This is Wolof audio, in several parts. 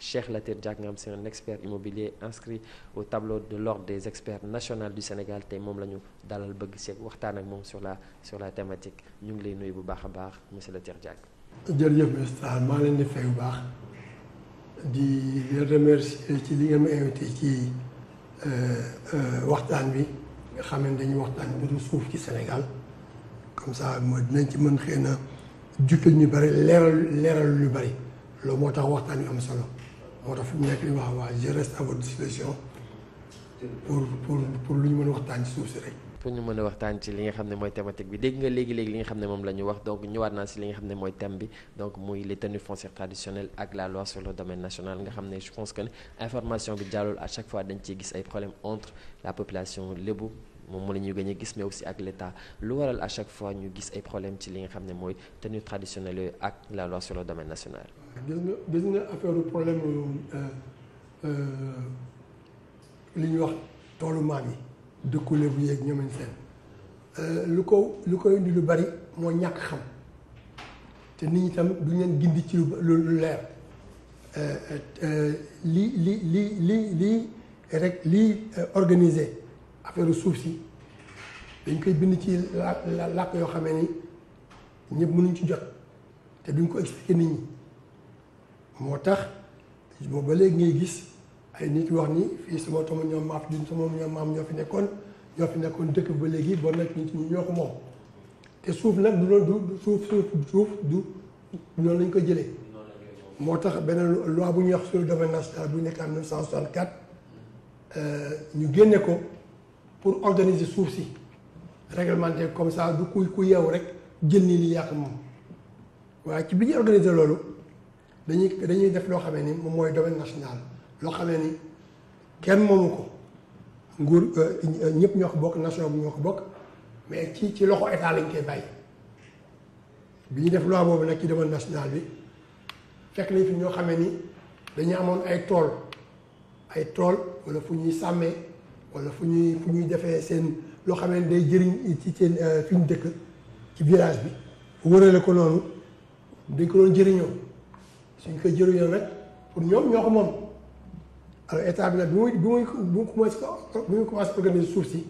Cheikh Latir Diack nga xam c'est un expert immobilier inscrit au tableau de l'ordre des experts national du Sénégal tey moom la ñu dalal bëgg seeg waxtaan ak moom sur la sur la thématique ñu ngi lay nuyu bu baax a baax monsieur Latir Diack. jërëjëf ministre maa leen di fay bu baax di remercier ci li nga ma invité ci euh, euh, waxtaan bi nga xam ne dañuy waxtaan mbiru suuf ci Sénégal comme ça dinañ ci mën xëy na ñu bari leeral lu bari. loolu moo tax waxtaan yu am solo moo tax fi mu nekk li wax waa je reste à pour pour lu ñu mën a waxtaan ci suuf si rek. pour ñu mën a waxtaan ci li nga xam ne mooy thématique bi dégg nga léegi léegi li nga xam ne moom la ñu wax donc ñëwaat naa si li nga xam ne mooy thème bi donc muy les tenues foncières ak la loi sur le domaine national nga xam ne je pense que information bi jàllul à chaque fois dañ ciy gis ay problèmes entre la population moom moo la ñuy gën a gis mais aussi ak l'État lu waral à chaque fois ñu gis ay problème ci li nga xam ne mooy tenue traditionnelle ak la loi sur le domaine national. gis nga gis nga affaire problème euh, euh, ñuy wax toolu maam yi. dëkkule bu yeeg ñoom seen. Euh, lu ko lu koy indi lu bari moo ñàkk te nit tam du leen gindi ci lu li li li li rek lii organiser affaire suuf si. dañ koy bind ci làkk yoo xame ni ñëpp mënuñ ci jot te duñ ko expliquer nit ñi moo tax boobu ba léegi ngay gis ay nit wax ni fii sama tomo ñoom maaf maam ñoo fi nekkoon ñoo fi nekkoon dëkk ba léegi bon nag nit ñi te suuf nag suuf suuf suuf lañ ko jëlee moo tax beneen loi bu ñuy wax sur le domaine bu nekk en 1964 euh, ñu génne ko pour organiser suuf si réglementé comme ça du kuy ku yeewu rek jël nii nii yàq moom waaye ci bi ñu organisé loolu dañuy dañuy def loo xamee ni moom mooy domaine national loo xamee ni kenn moomu ko nguur euh, ñëpp ñoo ko bokk nation bi ñoo ko bokk mais ci ci loxo état lañ koy bàyyi bi ñu def loi boobu nag ci domaine national bi fekk nañ fi ñoo xame ni dañu amoon ay tool ay tool wala fu ñuy sàmmee wala fu ñuy fu ñuy defee seen loo xam ne day jëriñ ci seen euh, fi ñu dëkk ci village bi wërale ko noonu dañ ko doon jëriñoo suñ ko jëriñoo rek pour ñoom ñoo ko moom alors état bi nag bi muy bi mu commencé bi muy commencé organiser suuf si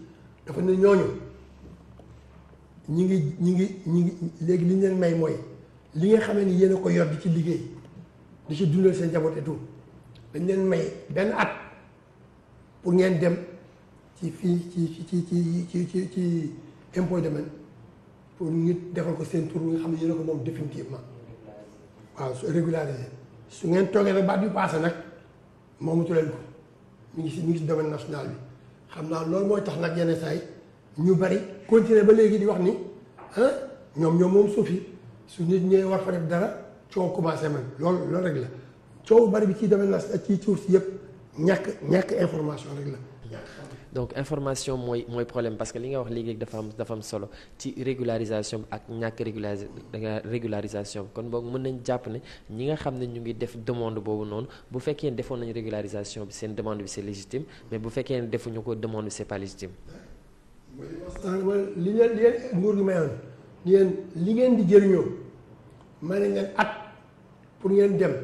dafa ne ñooñu ñi ngi ñi ngi ñi ngi léegi li ñu leen may mooy li nga xamee ni yéen ko yor di ci liggéey di ci dundal seen njaboot et tout dañ leen may benn at pour ngeen dem ci fii ci ci ci ci ci ci impôt domaine pour ngi defal ko seen tur bi nga xam ne yéen a ko moom définitivement waaw su régularisé su ngeen toogee rek ba bi passé nag moomatu leen ko ñu ngi si ñu ngi si domaine national bi xam naa loolu mooy tax nag yenn saa yi ñu bari continuer ba léegi di wax ni ah ñoom ñoom moom suuf su nit ñee war fa def dara coow commencé man lool loolu rek la coow bari bi ci domaine national ci suuf si yëpp ñàkk ñàkk information rek la. donc information mooy mooy problème parce que li nga wax léegi dafa am dafa am solo ci régularisation ak ñàkk régularis régularisation kon boog mën nañ jàpp ne ñi nga xam ne ñu ngi def demande boobu noonu bu fekkee ne defoon nañ régularisation bi seen demande bi c'est légitime mais bu fekkee ne defuñu ko demande bi c'est pas légitime. ngeen li ngeen mayoon ngeen li ngeen di jëriñoo may nañ leen at pour ngeen dem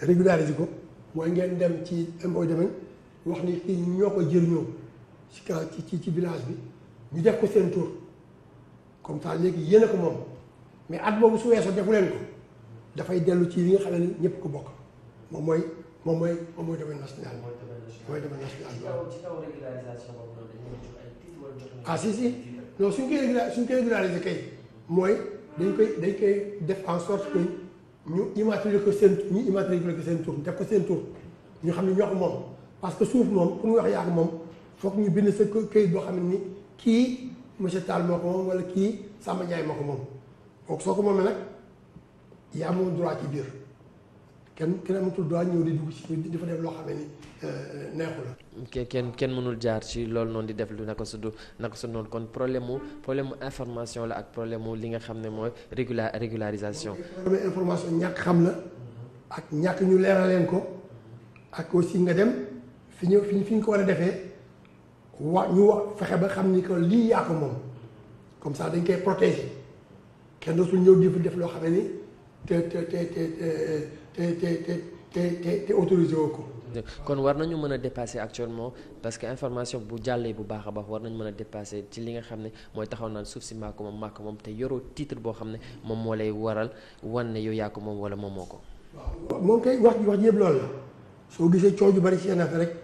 régulariser ko mooy ngeen dem ci impôt domaine wax ni fii ñoo ko jëriñoo ci ci ci village bi ñu def ko seen tour comme ça léegi yéen a ko moom mais at boobu su weesoo defu leen ko dafay dellu ci yi nga xam ne ñëpp ko bokk moom mooy moom mooy moom mooy domaine national mooy domaine national ah si si non suñ koy régula suñ koy mooy dañ koy dañ koy def en sorte que ñu immatriculer ko seen ñu immatriculer ko seen tur def ko seen tur ñu xam ne ñoo ko moom parce que suuf moom pour ñu wax yaag moom foog ñu bind sa këyit boo xam ne ni kii monsieur Tall moo ko moom wala kii Samba Ndiaye moo ko moom donc soo ko moomee nag yaa moom droit ci biir kenn kenn amatul droit ñëw di dugg ci di fa def loo xam ne ni euh, neexu la. kenn kenn mënul jaar ci loolu noonu di def lu naka su du naka su noonu kon problème mu problème mu information la ak problème li nga xam ne mooy régula régularisation. problème information ñàkk xam la ak ñàkk ñu leeraleen ko ak nga dem. fi ñu fi ñu ko war a defee wa ñu wax fexe ba xam ni que lii yaa ko moom comme ça dañ koy protéger kenn dootul ñëw di def loo xam ne te te te te te te te te autorisé woo ko. kon war nañu mën a dépasser actuellement parce que information bu jàllee bu baax a baax war nañu mën a dépasser ci li nga xam ne mooy taxaw naan suuf si maa ko moom maa ko moom te yoroo titre boo xam ne moom moo lay waral wan ne yow yaa ko moom wala moomoo ko. waaw moom kay wax wax yëpp loolu la soo gisee coow ju bari ci affaire rek.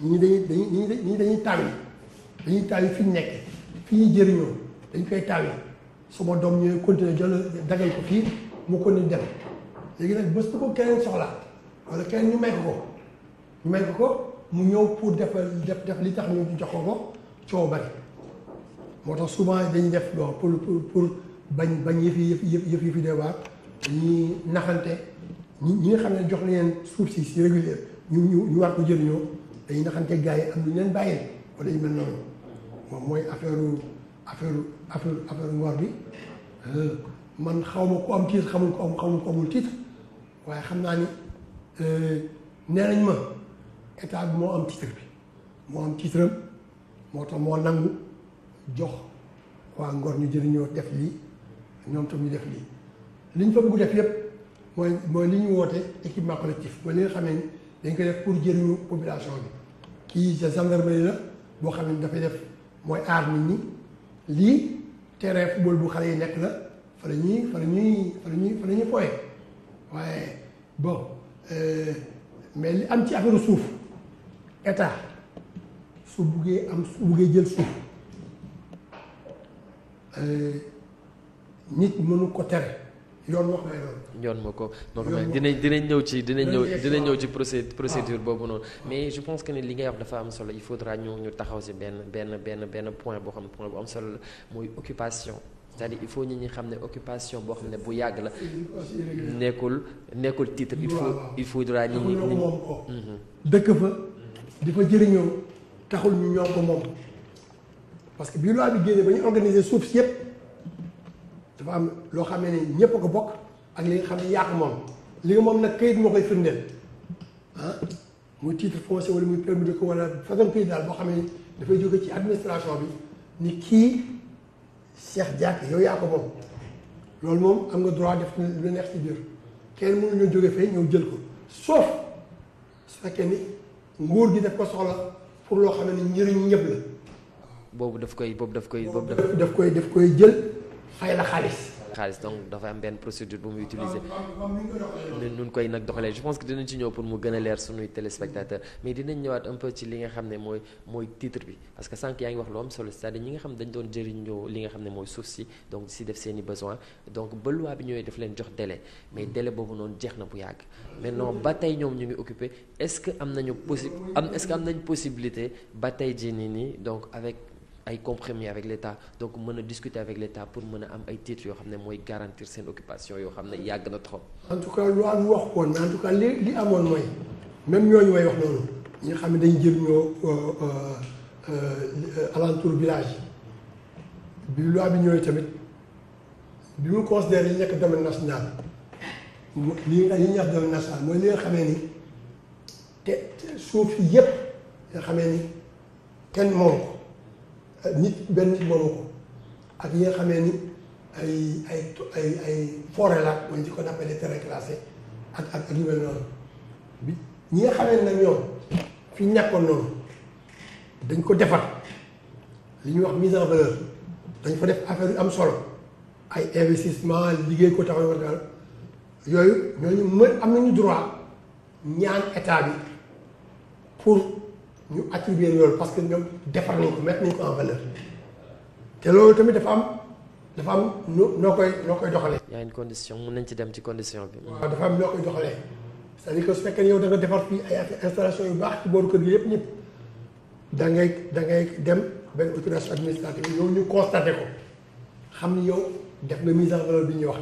ñii dañuy dañuy ñii dañuy taw yi dañuy taw yi fi ñu nekk fii ñuy jëriñoo dañ koy taw yi suma doom ñooy continuer jël dagal ko fii mu ko ni nag bés ko keneen soxlaa wala keneen ñu may ko ko ñu may ko ko mu ñëw pour def def def li tax mu jox ko ko coow bari moo tax souvent dañ def bon pour pour bañ bañ yëf yi yëf yëf yëf yi de waar ñi naxante ñi ñi nga xam ne jox leen suuf si si régulière ñu ñu ñu war ko jëriñoo. dañuy naxante gars yi am lu ñu leen bàyyil wala ñu mel noonu moom mooy affaire affaire affaire affaire ngor bi euh, man xaw ma ku am titre xamul xamul ko waaye xam naa ni euh, nee nañ ma état bi moo am titre bi moo am titre moo tax moo nangu jox waa ngor ñu jëriñoo def lii ñoom tam ñu def lii li ñu fa bëgg def yëpp mooy mooy li ñu woote équipement collectif mooy li nga xamee ni dañ koy def pour jëriñu population bi kii ca gendarmerie la boo xam ne dafay def mooy aar nit ñi lii terrain football bu xale yi nekk la fa la ñuy fa la ñuy fa la ñuy waaye bon euh, mais li am ci affaire suuf état su buggee am su buggee jël suuf euh, nit mënu ko tere yoon wax na loolu. ma ko normalement dinañ dinañ ñëw ci dinañ ñëw dinañ ñëw ci procé procédure boobu noonu. mais je pense que ne li ngay wax dafa am solo il faudra ñu ñu taxaw si benn benn benn benn point boo xam ne point bu am solo la mooy occupation. c'est-à-dire il faut nit ñi xam ne occupation boo xam ne bu yàgg la. nekkul nekkul titre il faut il faudra nit ñi moom ko. Mhm. dëkk di fa jëriñoo taxul ñu ñoo ko moom parce que bi loi bi ba ñu organiser suuf si yëpp. dafa am loo xam ne ni ñëpp ko bokk ak li nga xam ne yàq moom li nga moom nag kayit moo koy firndeel ah muy titre foncier wala muy permis de ko wala façon kayit daal boo xam ne dafay jóge ci administration bi ni kii Cheikh Diack yow yaa moom loolu moom am nga droit def lu neex ci biir kenn mënu ñu jóge fee ñëw jël ko sauf su fekkee ni nguur gi daf ko soxla pour loo xam ne njëriñ ñëpp la. boobu daf koy boobu daf koy. boobu daf koy daf koy jël. fay la xaalis. xaalis donc dafa am benn procédure bu muy utiliser nun koy nag doxalee je pense que dinañ ci ñëw pour mu gën a leer suñuy téléspectateur mais dinañ ñëwaat un peu ci li nga xam ne mooy mooy titre bi parce que sànq yaa ngi wax loo am solo cest ñi nga xam dañ doon jëriñoo li nga xam ne mooy suuf si donc si def seeni i besoin donc ba loi bi ñëwee daf leen jox délai mais délai boobu noonu jeex na bu yàgg maintenant ba tey ñoom ñu ngi occupé ce que am nañu possi am est-ce que am nañ possibilité ba tey jii nii nii donc avec ay compromis avec l'État donc mën a discuter avec l'État pour mën a am ay titres yoo xam ne mooy garantir seen occupation yoo xam ne yàgg na trop. en tout cas lu am wax woon mais en tout li amoon mooy même ñooñu may wax noonu ñu xam ne dañ jël ñoo euh, euh, euh, alentour village bi loi bi ñëwee tamit bi mu considéré yi nekk domaine national li li ñuy wax national mooy li nga xamee ni te suuf yépp nga xamee ni kenn moom ko nit benn nit moomu ko ak ñi nga xamee ni ay ay ay ay forêt la mooy di ko appelé terrain classé ak ak ak yu noonu ñi nga xamee nag ñoom fi ñàkkoon noonu dañ ko defar li ñuy wax mise en valeur dañ fa def affaire yu am solo ay investissement liggéey ko taxaw war daal yooyu ñu mën am nañu droit ñaan état bi pour ñu attribuer loolu parce que ñoom defar nañ ko mettre nañ ko en valeur te loolu tamit dafa am dafa am nu noo koy noo koy doxalee. yaa ngi condition mun nañ ci dem ci condition bi. waaw dafa am noo koy doxalee c'est-à-dire que su fekkee yow da nga defar fii ay installation yu baax ci booru kër gi yëpp ñëpp da ngay da ngay dem benn autorisation administrative yow ñu constaté ko xam ni yow def nga mise en valeur bi ñuy wax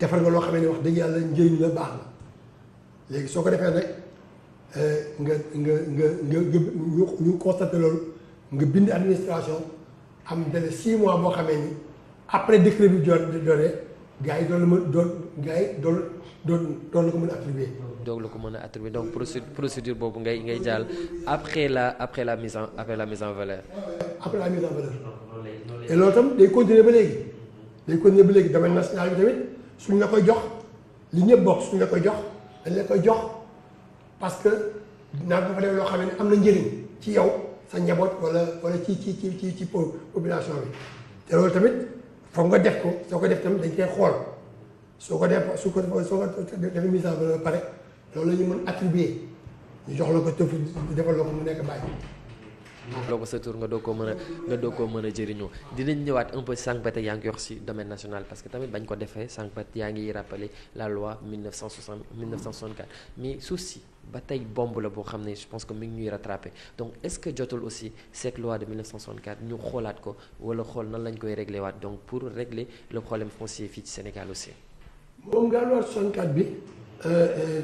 defar nga loo xam ne wax dëgg yàlla njëriñ la baax na soo ko defee nag. nga nga nga nga ñu constaté loolu nga bind administration am délai six mois boo xamee ni après décret bi jot di donné gars yi doon la mën doon gars yi doon doon doon la ko mën a attribué. doog la ko mën a attribué donc procédure boobu ngay ngay jàll après la après la mise en après la mise en valeur. après la mise en valeur. et loolu tam day continuer ba léegi. day continuer ba léegi domaine national bi tamit suñ la koy jox li ñëpp bokk suñ la koy jox dañ la koy jox. parce que dinaa ko fa def loo xam ne am na njëriñ ci yow sa njaboot wala wala ci ci ci ci ci po population bi te loolu tamit foog nga def ko soo ko def tamit dañ koy xool soo ko def su ko soo ko defee mise en valeur pare loolu la ñu mën attribuer ñu jox la ko tëfu defal la ko mu nekk bàyyi. loo ko sa tur nga doog koo mën nga doog koo mën a jëriñoo dinañ ñëwaat un peu sànq yaa ngi yor si domaine national parce que tamit bañ ko defee sànq yaa ngi rappelé la loi 1960 suuf si ba tey bombe la boo xam ne je pense que mi ngi ñuy rattrapé donc est que jotul aussi cette loi de ñu xoolaat ko wala xool nan lañ koy réglé waat donc pour régler le problème foncier fii ci Sénégal aussi. moom nga loi 64 bi euh, euh,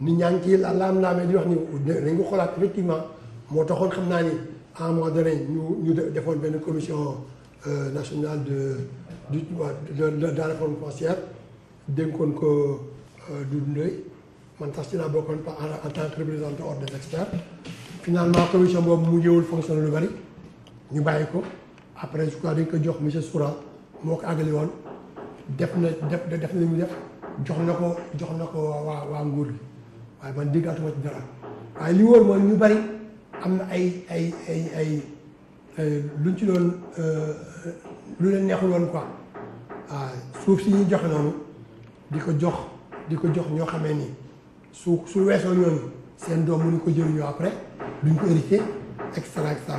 ni dañ ko xoolaat effectivement moo à un moment ñu ñu defoon benn commission euh, nationale de du de la réforme foncière dénkoon ko euh, Doudou Ndoye man sax ci laa bokkoon en tant que représentant ordre des experts finalement commission boobu mu ñëwul fonctionné lu bari ñu bàyyi ko après je crois dañ ko jox monsieur Soura moo ko àggali woon def na def def na li mu def jox na ko jox na ko waa waa nguur gi waaye man déggaatuma ci dara waaye li wóor mooy ñu bari. am na ay ay ay ay luñ ci doon euh, lu leen neexul woon quoi waaw ah, suuf si ñuy joxe noonu di ko jox di ko jox ñoo xamee ni su su weesoo ñooñu seen doom mënu ko jëriñoo après duñ ko hérité et cetera et cetera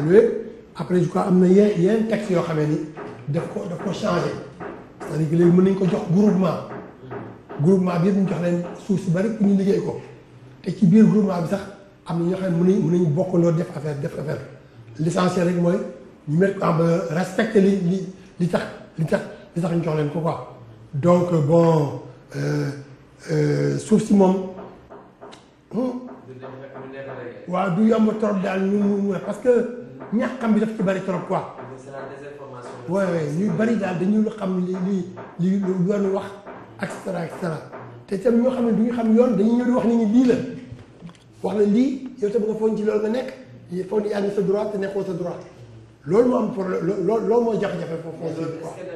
après je crois am na yenn yenn texte yoo xamee ni daf ko daf ko changé c'est-à-dire léegi mën nañ ko jox groupement groupement bi yëpp ñu jox leen suuf si bari pour ñu liggéey ko te ci biir groupement bi sax. am na ñoo xam ne mënuñ mënuñ bokkaloo def affaire def affaire l'essentiel rek mooy ñu mettre ko en respecte li li li tax li tax li tax ñu jox leen ko quoi donc euh, bon euh, euh, suuf si moom. Hmm? waaw du yomb trop daal ñu parce que ñax xam bi daf ci bari trop quoi. c'est la désinformation. waaw ñuy bari daal dañu lu xam li li li yoon wax et cetera et cetera te itam ñoo xam ne du ñu xam yoon dañuy ñëw di wax ni nii lii la. wax la lii yow tam nga foog ci loolu nga nekk foog ni sa droit nekkoo sa droit loolu moo am problème loolu loolu moo jafe-jafe foofu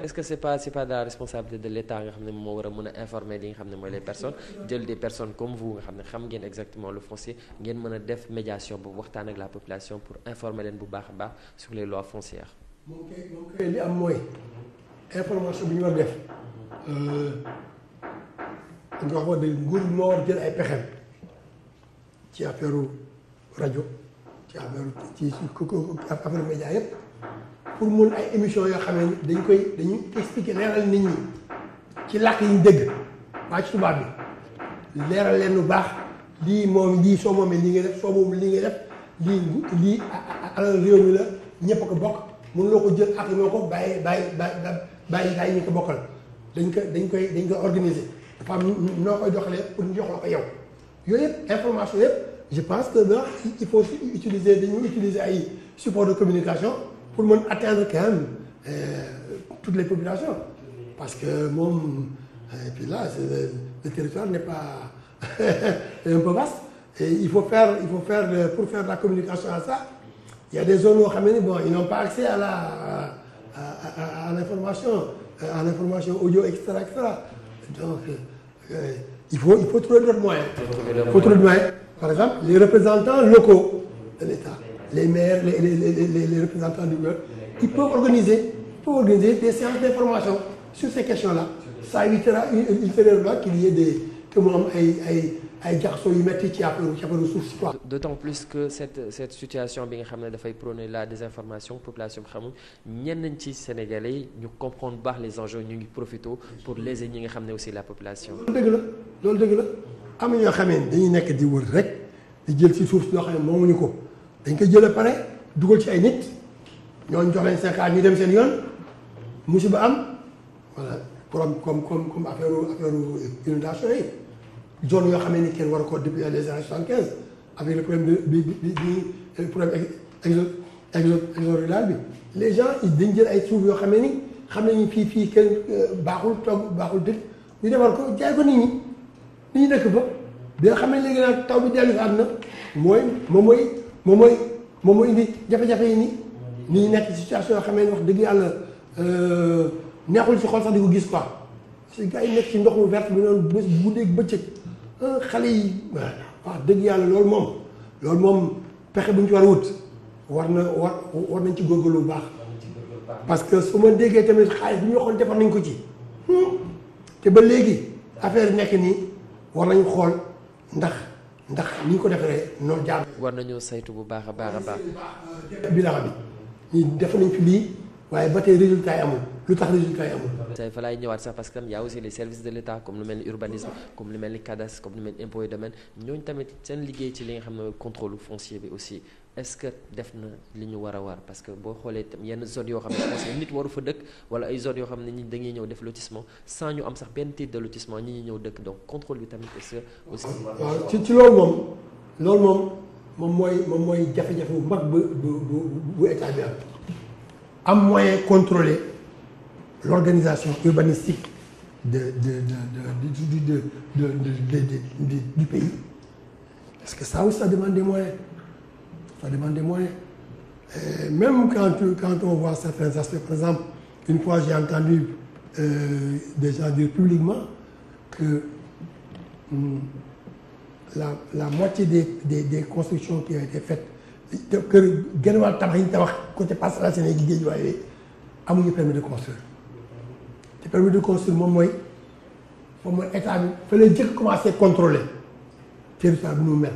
est-ce que c'est pas c'est pas de la responsabilité de l'État nga xam ne moo war a mën a informer li nga xam ne mooy les personnes jël des personnes comme vous nga xam ne xam mën a def médiation bu waxtaan ak la population pour informer leen bu baax baax sur les lois foncières. am mooy bi ñu war def. Euh, nguur moo war jël ay pexem ci affaire rajo ci affaire ci affaire média yëpp pour mun ay émission yoo xam ne dañ koy dañu expliquer leeral nit ñi ci làkk yi ñu dégg waa ci tubaab bi leeral leen lu baax lii moom lii soo moomee lii nga def soo moom lii nga def lii lii alal réew mi la ñëpp ko bokk mun loo ko jël ak moo ko bàyyi bàyyi bàyyi bàyyi ñu ko bokkal dañ ko dañ koy dañ koy organiser dafa am noo koy doxalee pour ñu jox la ko yow yooyu yëpp information yëpp je pense que là, il faut utiliser, nous utiliser ay support de communication pour atteindre quand même euh, toutes les populations. Parce que mon. la euh, puis là, le, le, territoire n'est pas. un Et il faut faire, il faut faire le, pour faire la communication à ça, il de a des zones où bon, ils n'ont pas accès à l'information, à, à, à, à l'information audio, etc., etc. Donc, euh, il, faut, il faut trouver d'autres moyens. Il faut trouver d'autres moyens. Par exemple, les représentants locaux de l'État, les maires, les, les, les, les représentants du peuple, ils peuvent organiser, ils peuvent organiser des séances d'information sur ces questions-là. Ça évitera ultérieurement qu'il y ait des, te mu am ay ay ay jaxasoo yu metti ci affaire ci affaire suuf si d'autant plus que cette cette situation bi nga xam ne dafay prôner la désinformation population bi xamul ñenn ci Sénégalais yi ñu comprendre baax les enjeux ñu ngi profité pour léser ñi nga xam ne aussi la population. loolu dëgg la loolu dëgg la am na ñoo xamee dañuy nekk di wër rek di jël ci suuf si yoo xam ne moomuñu ko dañ koy jël a pare dugal ci ay nit ñooñu jox leen cinquante ñu dem seen yoon musiba am comme comme comme comme affaire affaire yi zone yoo xam ne ni kenn war ko depuis les années soixante quinze avec le problème bi bi bi problème exode exode rural bi les gens jël ay suuf yoo xam ne ni xam nañu fii fii kenn euh, baaxul togg baaxul dëkk ñu defar ko jaay ko nit ñi nit ñi dëkk fa bi nga xam ne léegi nag taw bi dellu am na mooy moom mooy moom mooy moom mooy indi jafe-jafe yi nii. nit ñi nekk situation yoo xam ne wax dëgg yàlla. Euh, neexul ci xol sax di ko gis quoi parce que gars yi nekk ci ndox mu vert bi noonu bés bu guddeeg bëccëg ah, xale yi wax dëgg yàlla loolu moom loolu moom pexe bu ñu ci war a wut war na war nañ ci góorgóorlu bu baax. parce que su ma déggee tamit xaalis bi ñu waxoon defar nañ ko ci. Hmm. te ba léegi affaire nekk nii war nañu xool ndax ndax ni ñu ko defaree noonu jaar. war nañoo saytu bu baax a baax a baax. bilan bi ñu def nañ fi lii waaye ba te résultat yi amul. lu tax résultat yi amul. tey fa laay ñëwaat sax parce que tam y' a aussi les de l' comme lu mel ni urbanisme comme lu mel ni cadastre comme lu mel ni impôt et domaine ñooñu que ñu boo xoolee tam yenn zone yoo xam ne parce que nit waru fa dëkk wala ñëw def lotissement sans ñu am sax benn titre de lotissement ñi ñuy ñëw dëkk donc contrôle bi tamit est ce que. aussi ci loolu moom loolu moom moom mooy jafe-jafe bu mag bu bu bu bi am am moyen contrôlé. l'organisation urbanistique de, de, de, du pays. Parce que ça aussi, ça demande des moyens. Ça demande des moyens. Et euh, même quand, quand on voit certains aspects, par exemple, une fois j'ai entendu euh, des gens dire publiquement que hum, la, la, moitié des, des, des, constructions qui ont été faites, que Genoual Tabahin Tabakh, côté passe la Sénégal, amuñu permis de construire. permis de construire moom mooy moom mooy état bi fa lay jëkk commencé contrôler territoire bi nu mel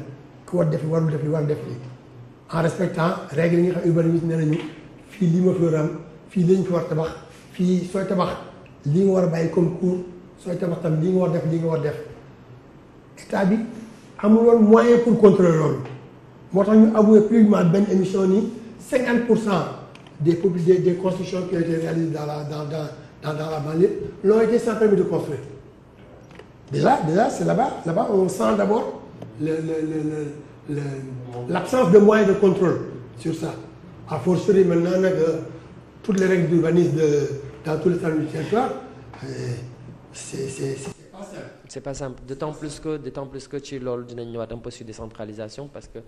ku war def warul def war def lii en respectant règles yi nga xam urbanisme ne nañu fii lii ma fi fii lañ fi war tabax fii sooy tabax lii nga war a bàyyi comme cour sooy tabax tam lii nga war def lii nga war def état bi amul woon moyen pour contrôler loolu moo tax ñu avoué publiquement benn émission nii cinquante pour cent des des des constructions qui la dans dans, dans la banlieue, l'ont été sans permis de construire. Déjà, déjà c'est là-bas. Là-bas, on sent d'abord l'absence de moyens de contrôle sur ça. A fortiori maintenant que euh, toutes les règles d'urbanisme dans tous les territoires, euh, c'est c'est pas simple d'autant plus que d'autant plus que ci loolu dinañ ñëwaat un peu décentralisation parce que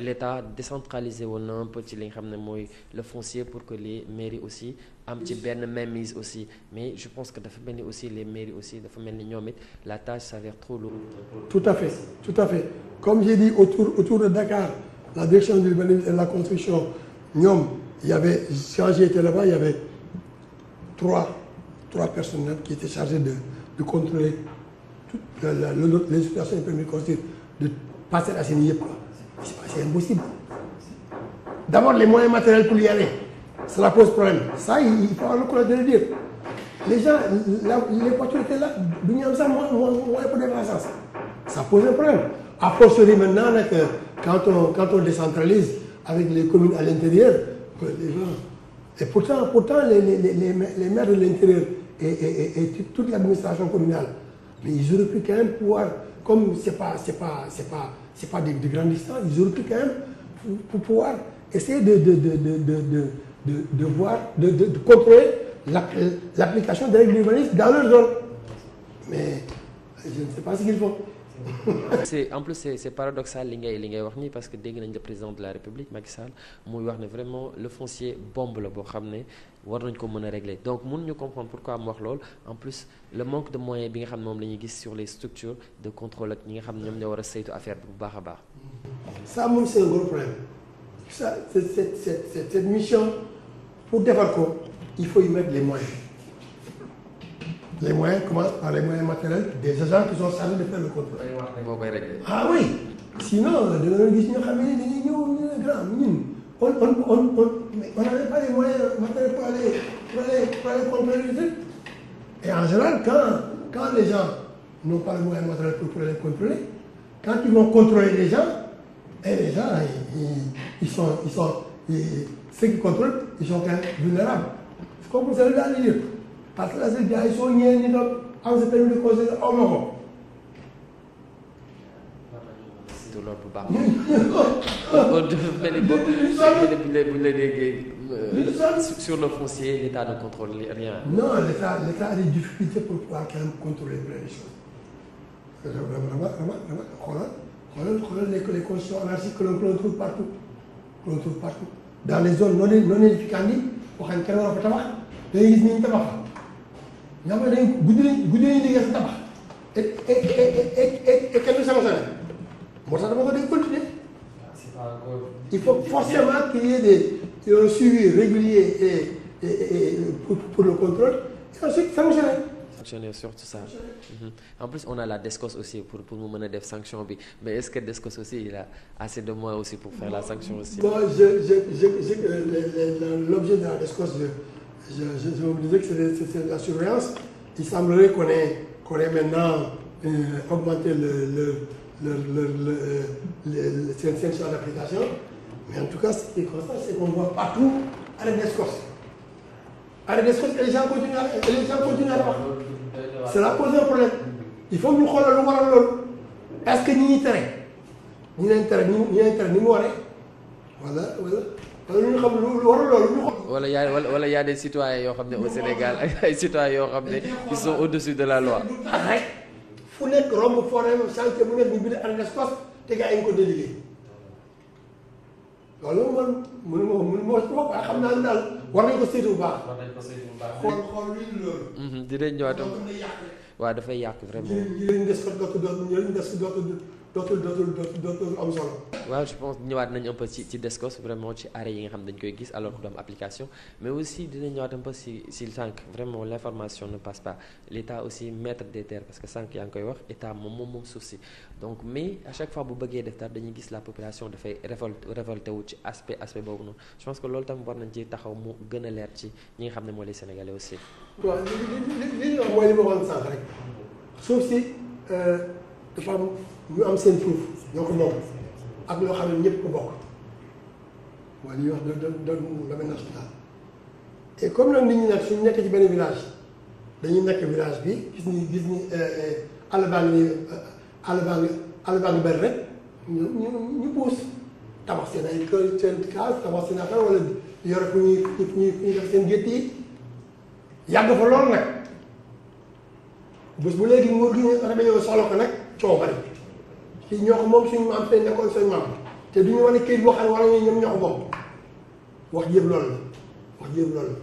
l'État décentralisé woon na un peu ci li nga xam ne mooy le foncier pour que les mairies aussi am ci benn mainmise aussi mais je pense que dafa mel ni aussi les mairies aussi dafa mel ni ñoom it la tâche s'avère trop lourde. tout à fait tout à fait comme j'ai dit autour autour de Dakar la direction de la construction ñoom y avait quand j'étais là-bas il y avait trois trois personnels toute la la les situations yi permis de construire de passer à seen yëpp quoi c'est impossible d'abord les moyens matériels pour y aller cela pose problème ça il faut avoir le courage le dire la les voitures étaient là du ñu am sax moyen moyen pour a fortiori maintenant nag quand on quand on décentralise avec les communes à l'intérieur les gens et pourtant pourtant les les les les maires de l'intérieur et et et toute Mais ils auraient pu quand même pouvoir, comme ce n'est pas, pas, pas, pas des, de grandes distances, ils auraient pu quand pour, pouvoir essayer de, de, de voir, de, contrôler l'application des règles d'urbanisme dans leur zone. Mais je ne sais pas ce qu'ils font. c'est en plus c'est paradoxal li ngay li ngay wax ni parce que dégg nañ le président de la République Macky Sall muy wax ne vraiment le foncier bombe la boo xam ne war nañ ko mën a régler donc mun ñu comprendre ko mu wax loolu en plus le manque de moyens bi nga xam ne moom la ñuy gis sur les structures de contrôle ak ñi nga xam ne ñoom a saytu affaire a baax. ça moom c'est mission pour defar ko il faut y mettre les moyens les moyens commencent par les moyens matériels ah ñu ne grand ñun. on on on on n'avait pas les moyens matériels pour aller pour aller pour aller comprendre les trucs. Et en général, quand quand les gens n'ont pas les moyens matériels pour les contrôler, quand ils vont contrôler les gens, et eh, les gens, ils, ils sont, ils sont, ils, ceux qui contrôlent, ils sont quand même vulnérables. C'est comme vous allez le dire. Parce que là, c'est des gens, ils sont niais, ils ont, on se permet de causer, oh non, gëstu loolu bu baax mel ni boo buñ euh, sur le foncier l'état ne contrôle rien non l'état l'état a des difficultés pour pouvoir quand même contrôler les choses euh, vraiment vraiment vraiment xoolal xoolal xoolal les les conditions anarchiques trouve partout que trouve partout dans les zones non non édificantes yi boo xam ne kenn war a fa tabax dañuy gis ni ñu tabax nga xam ne dañ guddi sa tabax et moo tax dama ko def continuer il faut forcément qu'il y ait des un suivi régulier et, et, et pour, pour le contrôle et ensuite sanctionner sanctionner surtout ça mm -hmm. en plus on a la DSCOS aussi pour pour mu mën a def sanction bi mais est-ce que DSCOS aussi il a assez de moyens aussi pour faire bon, la sanction aussi. bon je je je je euh, l'objet de la DSCOS je je je je vous disais que c'est c'est la surveillance il semblerait qu'on ait qu'on ait maintenant euh, augmenté le le. leur, leur, leur, seen seen champ d'application mais en tout cas ce qui est constant c'est qu'on voit partout arrêt d'escorte arrêt d'escorte et les gens continuent à les gens continuent à wax cela pose un problème il faut ñu xoolal lu waral loolu est-ce que ñi ñuy tere ñi leen tere ñi ñi leen tere ni mu waree wala wala wala ñu xam lu waral loolu ñu xool wala yaa wala wala y a des citoyens yoo xam ne au Sénégal ak ay citoyens yoo xam ne ils sont au-dessus de la loi rek fu nekk romb forêt chantier mu nekk bi bind arrêté espace te gars yi ñu ko délégué loolu man mënuma mënuma wax waaye xam naa ne daal war nañ ko saytu bu baax. war nañ ko saytu bu baax. xool xool luy loolu. Mhm, dinañ ñëwaat. waaw dafay yàq vraiment. njëriñ njëriñ des ko dootu doon njëriñ des ko dootu dootul dootul dootul am solo. waaw je pense ñëwaat nañ un peu ci Descos vraiment ci arrêt yi nga xam dañ koy gis alors que du am application mais aussi dina ñëwaat un peu si si sànq vraiment l' information ne passe pas l' état aussi maître des terres parce que sànq yaa ngi koy wax état moom moom moom suuf si donc mais à chaque fois bu bëggee def daal dañuy gis la population dafay révolte révolté wu ci aspect aspect boobu noonu je pense que loolu tam war a leer ci ñi nga xam ne mooy les Sénégalais aussi. waaw dafa am ñu am seen proof ñoo ko moom ak loo xam ne ñëpp ko bokk wala ñuy wax da da domaine hospital te comme nag nit ñi nag suñu nekk ci benn village dañuy nekk village bi gis ni gis ni euh, euh, àll baa ngi euh, rek ñu ñu ñu puus seen ay kër seen case tabax seen affaire wala yore ku ñuy ku ñuy ku ñuy def seen yi yàgg fa lool nag bés bu léegi nguur gi ñu rajo soxla ko nag. coow bari fii ñoo ko moom suñu maam seen nekkoon seen maam te du ñu wane këyit boo xam ne wala ñu ñoom ñoo ko bokk wax yëpp loolu la wax yëpp loolu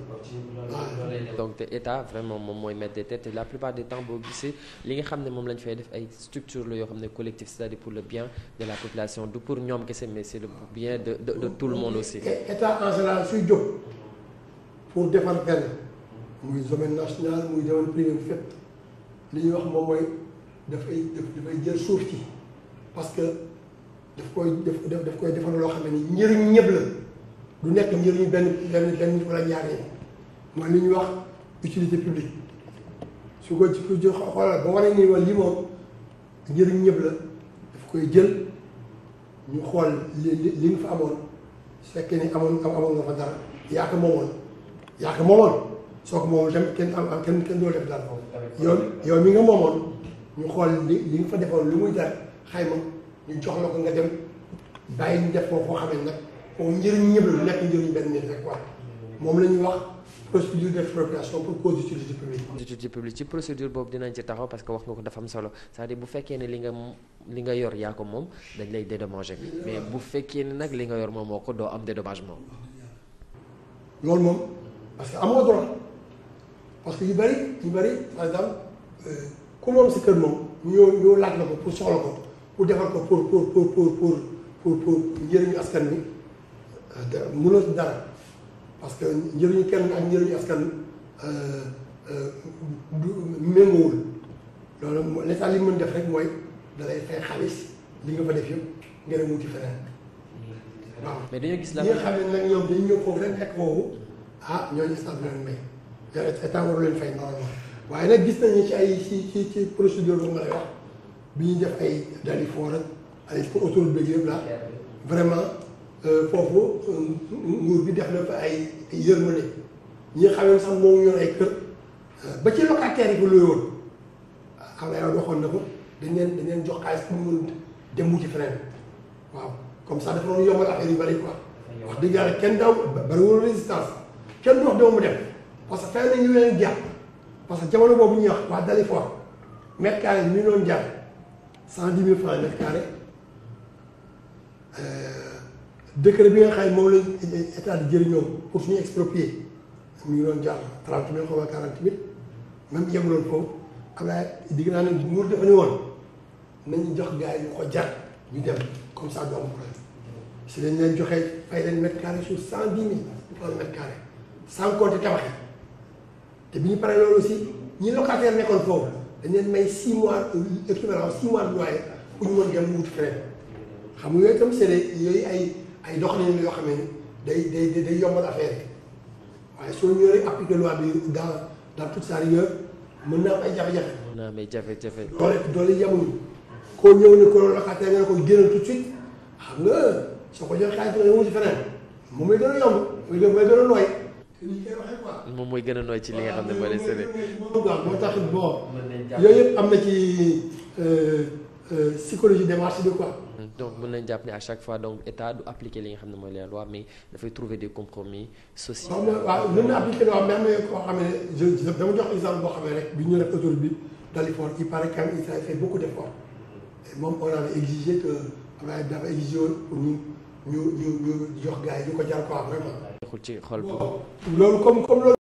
la. donc te état vraiment moom mooy mettre des têtes la plupart des temps boo gisee li nga xam ne moom la ñu fay def ay structure la yoo xam ne collectif cest à pour le bien de la population du pour ñoom kese mais c'est le bien de tout le monde aussi. état en général suy pour defar benn muy domaine national muy dafay dafay jël suuf ci parce que daf koy daf daf koy defar loo xam ne ni njëriñ ñëpp la du nekk njëriñu benn benn benn wala ñaari mooy li ñuy wax utilité publique su ko su ko xoolal ba wane ni wala lii ñëpp la daf koy jël ñu xool li li nga fa amoon su fekkee ni amoon amoon nga fa dara yaa ko moomoon yaa ko moomoon soo ko moomoon kenn am kenn kenn doo def dara foofu yow yow mi nga moomoon. ñu xool li li nga fa defoon lu muy jar xayma ñu jox la ko nga dem bàyyi ñu def koo xam ne nag moom njëriñ ñëpp la nekk njëriñ benn nit rek quoi moom la wax procédure d'expropriation pour ci procédure boobu dinañ ci taxaw parce que wax nga ko dafa am solo cest à bu fekkee ne li nga li nga yor yaa ko moom dañ lay dédommager mais bu fekkee ne nag li nga yor moom moo ko doo am dédommagement. loolu moom parce que amoo droit parce que yu bëri yu bëri par exemple. Euh, ku moom si kër moom ñoo ñoo laaj la ko pour soxla ko pour defar ko pour pour pour pour pour pour pour njëriñu askan wi euh, mënoo si dara parce que njëriñu kenn ak njëriñu askan euh, euh, du méngoowul loolu l'état li mën def rek mooy da lay fay xaalis li nga fa def yëpp nga dem wuti feneen waaw. mais dañoo gis la ñi nga xam ne nag ñoom dañu ñëw foofu rek fekk foofu ah ñooñu état bi leen may état waru leen fay normalement. waaye nag gis nañu ci ay ci ci ci procédure boobu nga lay wax bi ñuy def ay dali foor ak ay pour autoroute beeg yëpp la vraiment euh, foofu euh, nguur bi def na fa ay yërmande ñi nga xam ne sax moo ngi yor ay kër euh, ba ci locataire ak ko looy woon ah, waxoon na ko dañ leen dañ leen jox xaalis pour mu mën dem wuti feneen waaw comme ça dafa doon yombal affaire yu bëri quoi. wax dëgg yàlla kenn daaw bariwul résistance kenn du wax doomu dem parce que fenn ñu leen jàpp. parce que jamono boobu ñuy wax waa Dalifort mètre carré bi ñu jar cent dix mille francs mètre euh, nga xam ne moom la état di jëriñoo pour suñu exproprier mu ngi doon jar trente mille xaw ma quarante mille même yemuloon foofu xam naa digg naa ne nguur dafa ni woon nañu jox gars yi ñu ko jar ñu dem comme ça du problème si lañ leen joxee fay leen mètre carré sur cent dix mille francs mètre carré sans compter tabax yi te bi ñu paree loolu aussi ñi locataire nekkoon foofu dañ leen may 6 mois équivalent 6 mois pour ñu mën dem xam nga yooyu itam c'est ay ay doxalin yoo xam ne day day day yombal affaire yi waaye soo ñëwee rek appliquer loi bi dans dans toute mën naa am ay jafe-jafe. mën naa jafe-jafe. doole doole yemuñu koo ñëw ne ko locataire nga ne ko génn tout suite xam nga soo ko joxee xaalis nga wuti feneen moom lay gën a yomb mooy gën mooy moom mooy gën a nooy ci li nga xam ne mooy les CV. moo tax bon yooyu yëpp am na ci euh, euh, psychologie démarche bi quoi. donc mën nañ jàpp ne à chaque fois donc état du appliquer li nga xam ne mooy les lois mais dafay trouver des compromis sociaux. waaw mën na appliquer loi mais am na koo xam ne boo xam ne rek bi ñu nekk autoroute bi Dalifort il paraît quand même Israël fait beaucoup d'efforts moom on avait exigé que dafa exigé woon ñu ñu ñu jox gars yi ñu ko jar quoi vraiment.